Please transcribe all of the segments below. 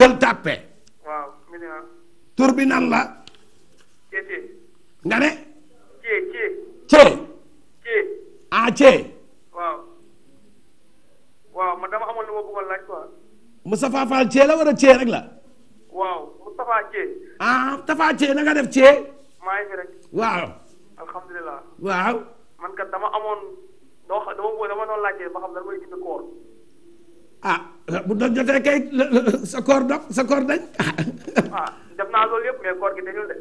jël tàppe. waaw. tur bi nan la. nga ne. cee. ah waaw. waaw man amoon lu ma bëggoon cee la wala cee rek la. waaw Moustapha cee. ah Tafa cee na nga def cee. maa ngi fi rek. waaw. alhamdulilah. waaw. man kat dama amoon dama dama bëggoon dama doon laajte ba xam lan mooy indi koor. ah bu doon jotee kay sa koor dog sa koor dañ. ah def naa loolu yëpp mais koor gi dañul de.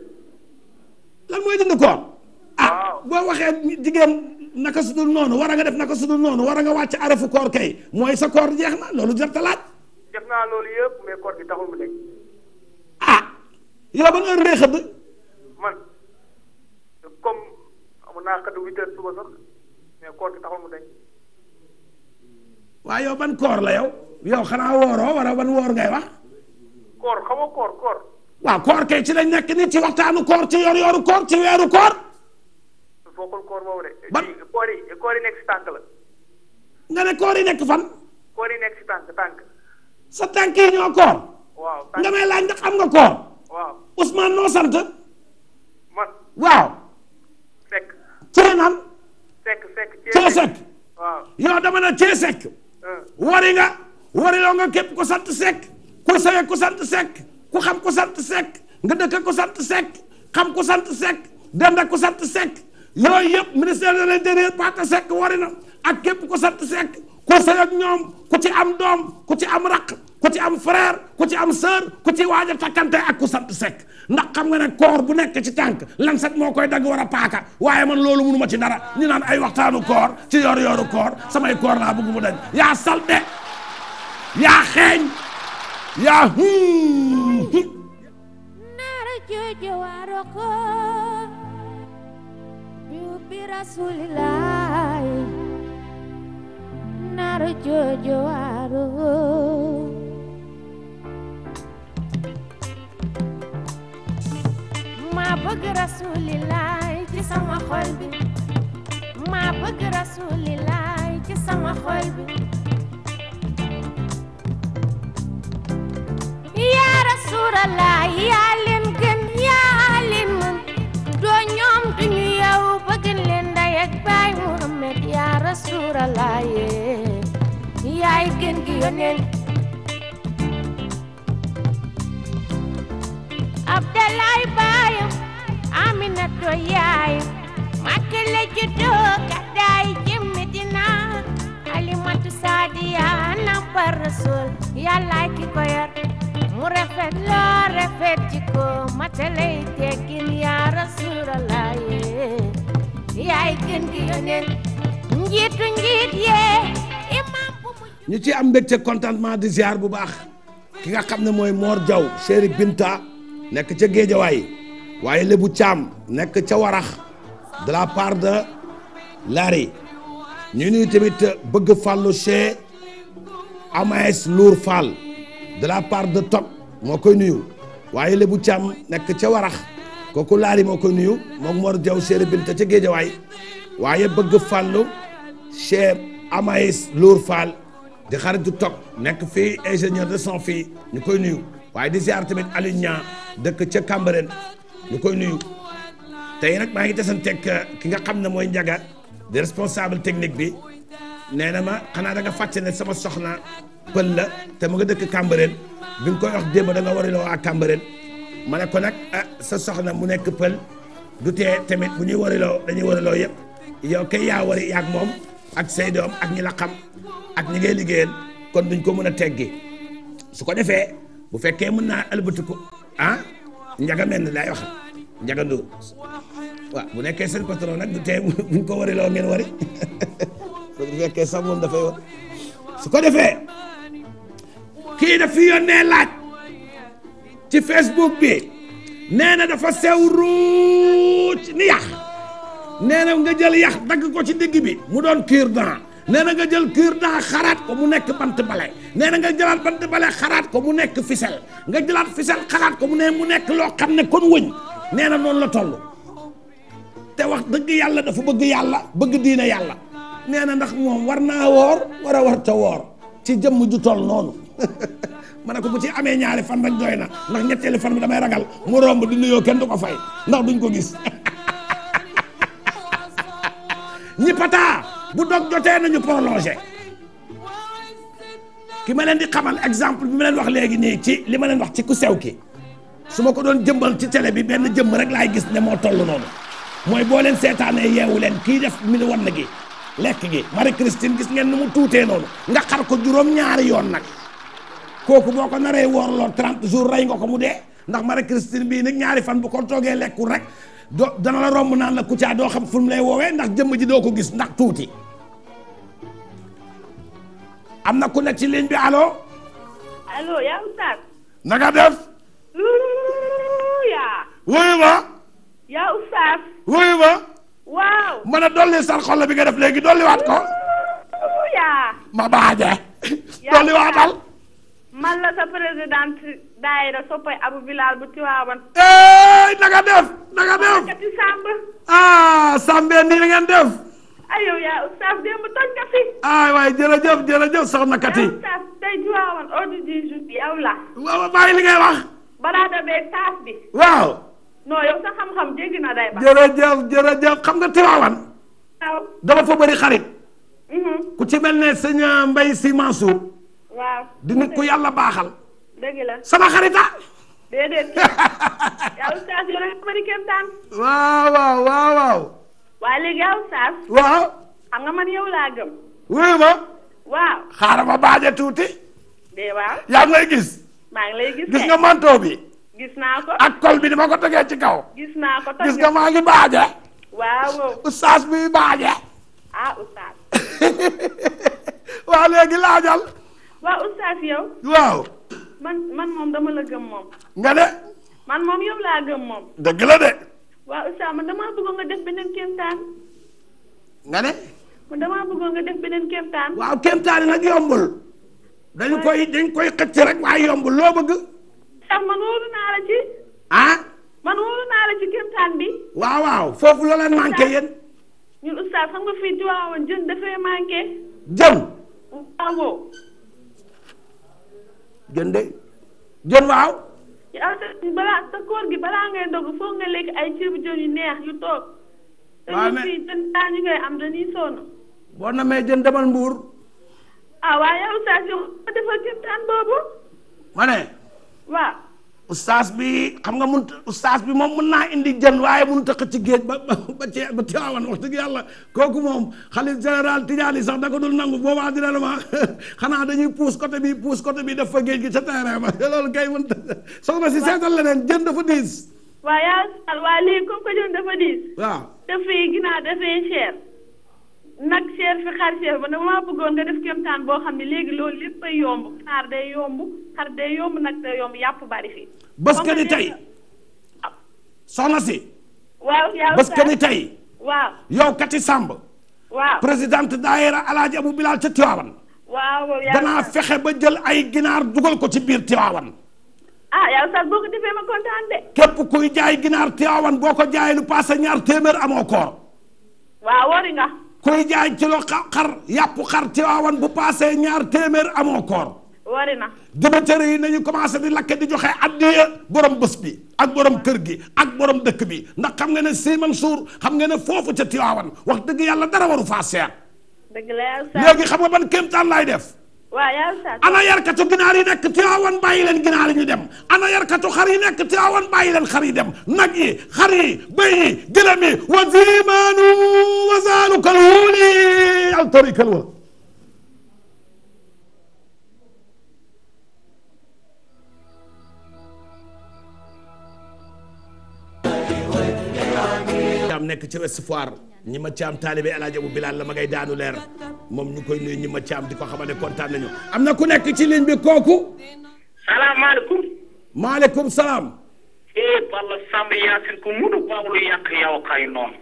lan mooy dund koor. ah boo waxee jigéen naka su dul noonu war a nga def naka su dul noonu war a nga wàcc arafu koor kay mooy sa koor jeex na loolu jar ta laaj. def naa loolu yëpp mais koor gi taxul mu dañ. ah yow ban heure ngay xëdd. man comme amoon naa xëdd huit suba sax mais koor gi taxul mu dañ. waa yow ban koor la yow yow xanaa wooroo wara ban woor ngay wax. koor xam koor koor. waaw koor kay ci lañ nekk ni ci waxtaanu koor ci yor-yoru koor koor. ban yi koor yi nga ne koor yi nekk fan. yi nekk si tànk tànk. sa tànk yi ñoo koor. waaw nga may laaj ndax am nga koor. waaw noo sant. waaw. Seck. yow dama ne Cee wari nga wariloo nga képp ku sant sekk ku sawe ku sant sekk ku xam ku sant sekk nga dëkk ku sant sekk xam ku sant sekk dend ku sant sekk yooyu yëpp ministère de l'intérieur pate sekk wari na ak képp ku sant sekk ku sawe ak ñoom ku ci am doom ku ci am raq ku ci am frère ku ci am sœur ku ci waaj a takkante ak ku sant sekk ndax xam nga ne koor bu nekk ci tànk lan set moo koy dagg war a paaka waaye man loolu munu ma ci dara ñu naan ay waxtaanu koor ci yor yoru koor samay koor laa bëgg dañ yaa salte yaa xeeñ yaa narjo jo waro bëgg rasulilaay ci sama xol bi maa bëgg rasulilaay ci sama xol bi yaa rasulilaay yàllaay ki ko mu rafet loo rafet ci ko matalay teggin yaa rasulallah yee yaay gën gi yoneen njiitu njiit yee imam bu mujj ñu ci am ca contentement di ziar bu baax ki nga xam ne mooy Mor Diaw seeri Binta nekk ca Géejawaay waaye Lébu Thiam nekk ca Warax de la part de Lari ñu nuyu tamit bëgg fàllu chez Amaès Lour Fall de la part de Toc moo koy nuyu waaye Lebu Thiam nekk ca Warax kooku laari moo koy nuyu moom Mor Diaw Séré Binta ca Géejawaay waaye bëgg fàllu Cheikh Amaès Lour de di xaritu Toc nekk fii ingénieur de son fii nu koy nuyu waaye di ziar tamit Alioune Niang dëkk ca Cambérène ñu koy nuyu tey nag maa ngi desanteeg ki nga xam ne mooy Ndiaga di responsable technique bi. nee na ma xanaa da nga fàtte ne sama soxna pël la te mu nga dëkk Cambérène bi nga koy wax démb da nga wariloo waa ma ne ko nag ah sa soxna mu nekk pël du tee tamit bu ñuy wariloo dañuy wariloo yëpp yow kay yaa wari yaag moom ak say doom ak ñi la ak ñi ngay liggéeyal kon duñ ko mën a teggi su ko defee bu fekkee mën naa albatiku ah njaga mel ni laay wax njaga Ndour bu nekkee seen patron nag du tee buñ ko wariloo ngeen wari lekkee sax moom dafay su ko defee kii dafa yónnee laaj ci Facebook bi nee na dafa sew ruuc ni yax nee nga jël yax dagg ko ci digg bi mu doon cure-dent nee na nga jël cure-dent xaraat ko mu nekk bant bale nee na nga jëlaat bant bale xaraat ko mu nekk ficelle nga jëlaat ficelle xaraat ko mu ne mu nekk loo xam ne kon wëñ nee na noonu la toll te wax dëgg yàlla dafa bëgg yàlla bëgg diina yàlla nee na ndax moom war naa woor war a war ta woor ci jëmm ju toll noonu ma ne ko bu ci amee ñaari fan rek doy na ndax ñetteelu fan bi damay ragal mu romb du nuyoo kenn du ko fay ndax duñ ko gis ñi pataa bu dog jotee nañu prolongé ki ma leen di xamal exemple bi ma leen wax léegi nii ci li ma leen wax ci ku sew ki su ma ko doon jëmbal ci tele bi benn jëmm rek laay gis ne moo tollu noonu mooy boo leen seetaanee yeewu leen kii def mi ni wan na gi lekk gi Marie Christine gis ngeen nu mu tuutee noonu nga xar ko juróom ñaari yoon nag kooku boo ko naree woorloo 30 jours rey nga ko mu dee ndax Marie Christine bii nag ñaari fan bu ko toogee lekkul rek do dana la romb naan la Kouthia doo xam fu mu lay woowee ndax jëmm ji doo ko gis ndax tuuti am na ku nekk ci ligne bi allo. allo yaa Oustaz. na nga def. wuyu ma. yaa Oustaz. wuyu ma. waaw mën a dolli sarxol la bi nga def léegi dolli waat ko. yaa. ma baaje. yaa dolli waatal. man la sa présidente daayira soppay abu bilal bu Tiwaawan. hey na def na def. ah Sambe nii la ngeen def. ayow yaa oustaz démb toj nga fi. Kati. yaa oustaz tey Tiwaawan ordre du jour la. waaw bàyyi li ngay wax. baraada beeg taas bi. waaw. non yow sa xam-xam jéggi na day ba. jërëjëf jërëjëf xam nga Tiwaawan. waaw dafa fa xarit. Mm-hmm. ku ci ne sëñ Mbaye Sy Mansour. ku yàlla baaxal. dëgg la sama xarita. Ah! déedéet waaw waaw waaw waaw. waaye léegi man yow laa gëm. wéy ma. baaje tuuti. yaa ngi gis. maa ngi lay gis nga manto bi. gis naa ko ak kol bi ni ma ko tegee ci kaw. gis naa ko gis nga maa ngi baaje. waaw oustaz bi baaje. ah oustaz. laajal. waaw oustaz yow. waaw. man man moom dama la gëm moom. nga de. man moom yow laa gëm moom. dëgg la de. waaw oustaz man damaa bëggoon nga def beneen kéemtaan. nga ne. man damaa bëggoon nga def beneen kéemtaan. waaw kéemtaan nag yombul. dañ koy dañ koy xëcc rek waaye yombul loo bëgg. ndax man wóolu naa la ci. ah. man wóolu naa la ci kéemtaan bi. waaw waaw foofu loo leen manqué yéen. ñun oustaz xam nga fii Tiwaawan jën dafay manqué. jën. waaw. jën de jën waaw. yow te balaa koor gi balaa ngay dog foog nga lekk ay ceebu jën yu neex yu toog. waaw mais te ñun fii jën taa ñu koy am dañuy sonn. boo namee jën demal mbuur. ah waaye yow oustaz yow ma defal kéemtaan boobu. ma waaw ustaas bi xam nga mun ustaas bi moom mun naa indi jën waaye mënut a xëcc géej ba ba ci ba Tiwaawan wax dëgg yàlla kooku moom xalif général Tijaani sax da ko dul nangu boobaa dina la ma xanaa dañuy puus côté bi puus côté bi def fa géej gi ca terrain ba loolu kay mënut a soxna si seetal leneen jën dafa diis waaw yaa waaw lii comme que jën dafa diis waaw dafay ginnaaw dafay cher nag cher fi xar cher ba damaa bëggoon nga def kéemtaan boo xam ne léegi loolu lépp a yomb xaar day yomb xar day yomb nag day yomb yàpp bari fi bés ka ni tey soxna si waaw yow bés ka ni tey waaw yow Kati Samb waaw daayira alaaji Abu Bilal ca Tiwaawan waaw fexe ba jël ay ginaar dugal ko ci biir Tiwaawan ah yow sax boo ko defee ma kontaan képp kuy jaay ginaar Tiwaawan boo ko jaayee lu passé ñaar téeméer amoo koor waaw wori kuy jaay kilo xar yàpp xar ci waawan bu paasee ñaar téeméer amoo koor. wari na. débiteurs yi nañu commencé di lakke di joxe addiya borom bés bi ak borom kër gi ak borom dëkk bi ndax xam nga ne Sy Mansour xam nga ne foofu ca Tiwaawan wax dëgg yàlla dara waru faa seer. dëgg la léegi xam nga ban kéemtaan laay def. ana yarkatu ginaar yi nekk Tiwaawan bàyyi leen ginaar yi ñu dem ana yarkatu xar yi nekk Tiwaawan bàyyi leen xar yi dem nag yi xar yi bëy yi gëlëm yi wa zimaanu wasaalu kal wuuli al tariqal wal nekk ci Ouest Foire ñi ma caam taalibe El Hadj Abou la ma ngay daanu leer moom ñu koy nuyu ñi ma caam di ko xamal ne kontaan nañu am na ku nekk ci ligne bi kooku. salaamaaleykum. maaleykum salaam. eh Balla Samb Yacine ku mënu baaw lu yàq yow kay noonu.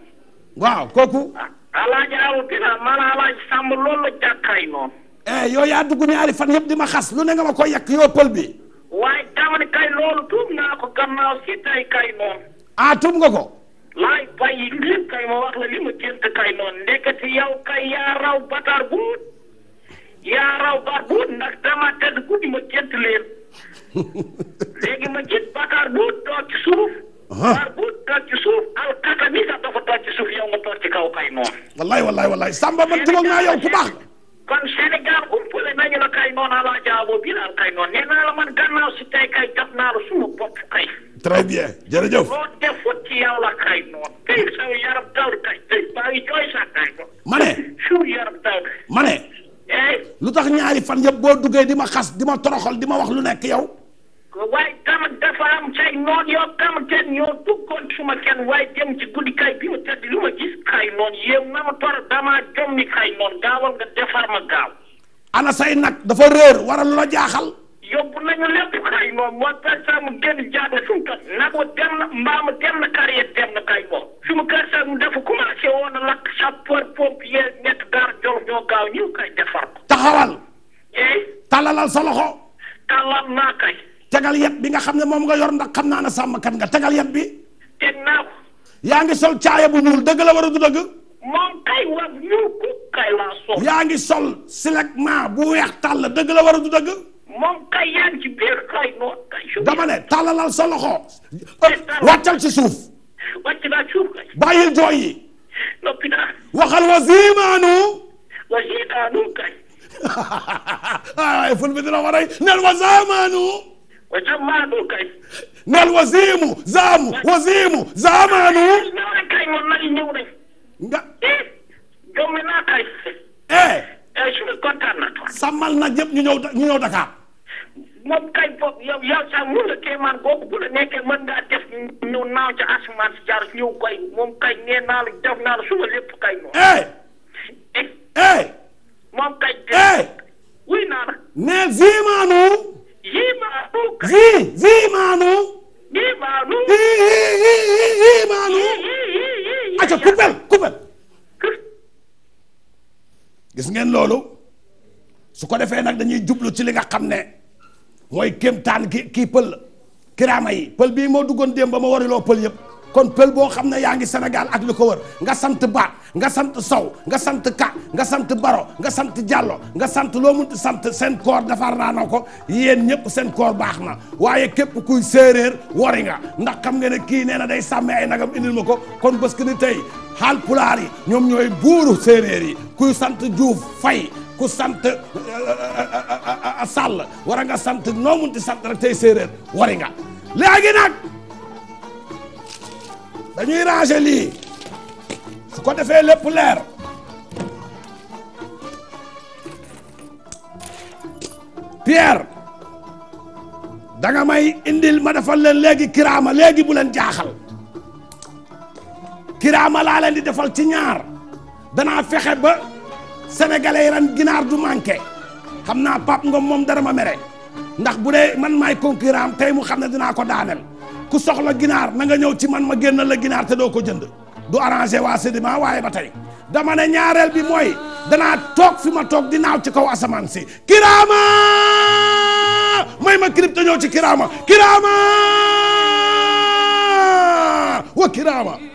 waaw kooku. El ah, Hadj Abou Bilal man El Hadj Samb loolu la jàkkaay noonu. eh yow yaa dugg ñaari fan yëpp di ma xas lu ne nga ma koy yàq yow pël bi. waaye jamono kay loolu tuub naa ko gannaaw si tey kay noonu. Ah, nga ko. laay bàyyi lépp kay ma wax la li ma gént kay noonu ndekete yow kay yaa raw bataar buut yaa raw baar buut ndax dama ma gént leen léegi ma gént bataar buut toog ci suuf. baar buut toog ci suuf alkata mi sax dafa toog ci suuf kaw kay noonu. wallaay wallaay wallaay Samba man jëloon naa ku baax. kon Sénégal umpale nañu la kay noonu ala jaabo bi laal kay noonu la man gannaaw si tey kay jot naa la suma kay. très bien jërëjëf. loo def ci yow la ma ne eh? lu tax ñaari fan yëpp boo duggee di ma xas di ma toroxal di ma wax lu nekk yow. waaye tam dafa am say noon yoo xamante ne ñoo duggoon suma kenn waaye dem ci guddi bi ma tëdd lu ma gis kay noonu yéen na ma tor damaa jom ni kay noonu gaawal nga defar ma gaaw. ana say nag dafa réer waral la jaaxal. yóbbu nañu lépp kay moom moo tax mu génn jaada suñu nag wa dem na mbaama dem na kar yet dem na kay moom suñu kër saa mu dafa commencé woon a lakk sapeur pompier ñett gaar jor ñoo gaaw ñëw kay defar ko taxawal eh? talalal sa talal naa kay tegal yet bi nga xam ne moom nga yor ndax xam naa ne sàmmkat nga tegal yet bi teg naa yaa ngi sol caaya bu ñuul dëgg la war a du dëgg moom kay war ñuul ku kay laa sol yaa ngi sol silegment bu weex tàll dëgg la war a du dëgg moom kay yaa ngi ci biir kay noonu kay. dama ne tàllalal sa loxo. wàccal ci suuf. wàcc naa suuf kay. bàyyil jooy yi. noppi naa. waxal wa ziimaanu. wa ziimaanu kay. ay ful bi dina waray nel wa zaamaanu. wa zaamaanu kay. nel wa ziimu zaamu wa ziimu zaamaanu. kay moom nag ñëw nañ. nga. E, jommi naa kay. eh. eh su kontaan na. sàmmal na ñëpp ñu ñëw ñu ñëw Dakar. moom kay bopp yow yow sax mun la kéemaan googu bu la nekkee mën ngaa def ñu naaw ca asamaan si jaar ñëw koy moom kay nee naa la def naa la suba lépp kay moom. eh. moom kay. eh. wuy naa la. mais ngeen loolu ko defee nag dañuy jublu ci li nga xam ne. mooy kéemtaan ki kii pël la kiraama yi pël bii moo duggoon démb ba ma wariloo pël yëpp kon pël boo xam ne yaa ngi Sénégal ak li ko wër nga sant Ba nga sant Sow nga sant Ka nga sant Baro nga sant Diallo nga sant loo munti sant seen koor defar naa na ko yéen ñëpp seen koor baax na waaye képp kuy séeréer wari nga ndax xam nga ne kii nee na day sàmme ay nagam indil ma ko kon bës ni tey xaal pulaar yi ñoom ñooy buuru séeréer yi kuy sant Diouf Fay ku sant eh, eh, eh, Sall wara nga sant noo munti sant rek tey séeréer wari nga léegi nag dañuy ranger lii su ko defee lépp leer Pierre da may indil ma defal leen léegi kiraama léegi bu leen jaaxal kiraama laa leen di defal ci ñaar danaa fexe ba. sénégalais yi ren ginaar du manqué xam naa Pape Ngom moom dara ma mere ndax bu dee man maay concurrent tey mu xam ne dana ko daaneel ku soxla ginaar na nga ñëw ci man ma génn la ginaar te doo ko jënd du arrangé waa sédiment waaye ba tey dama ne ñaareel bi mooy danaa toog fi ma toog di naaw ci kaw asamaan si kiraama may ma crib te ñëw ci kiraama kiraama wa kiraama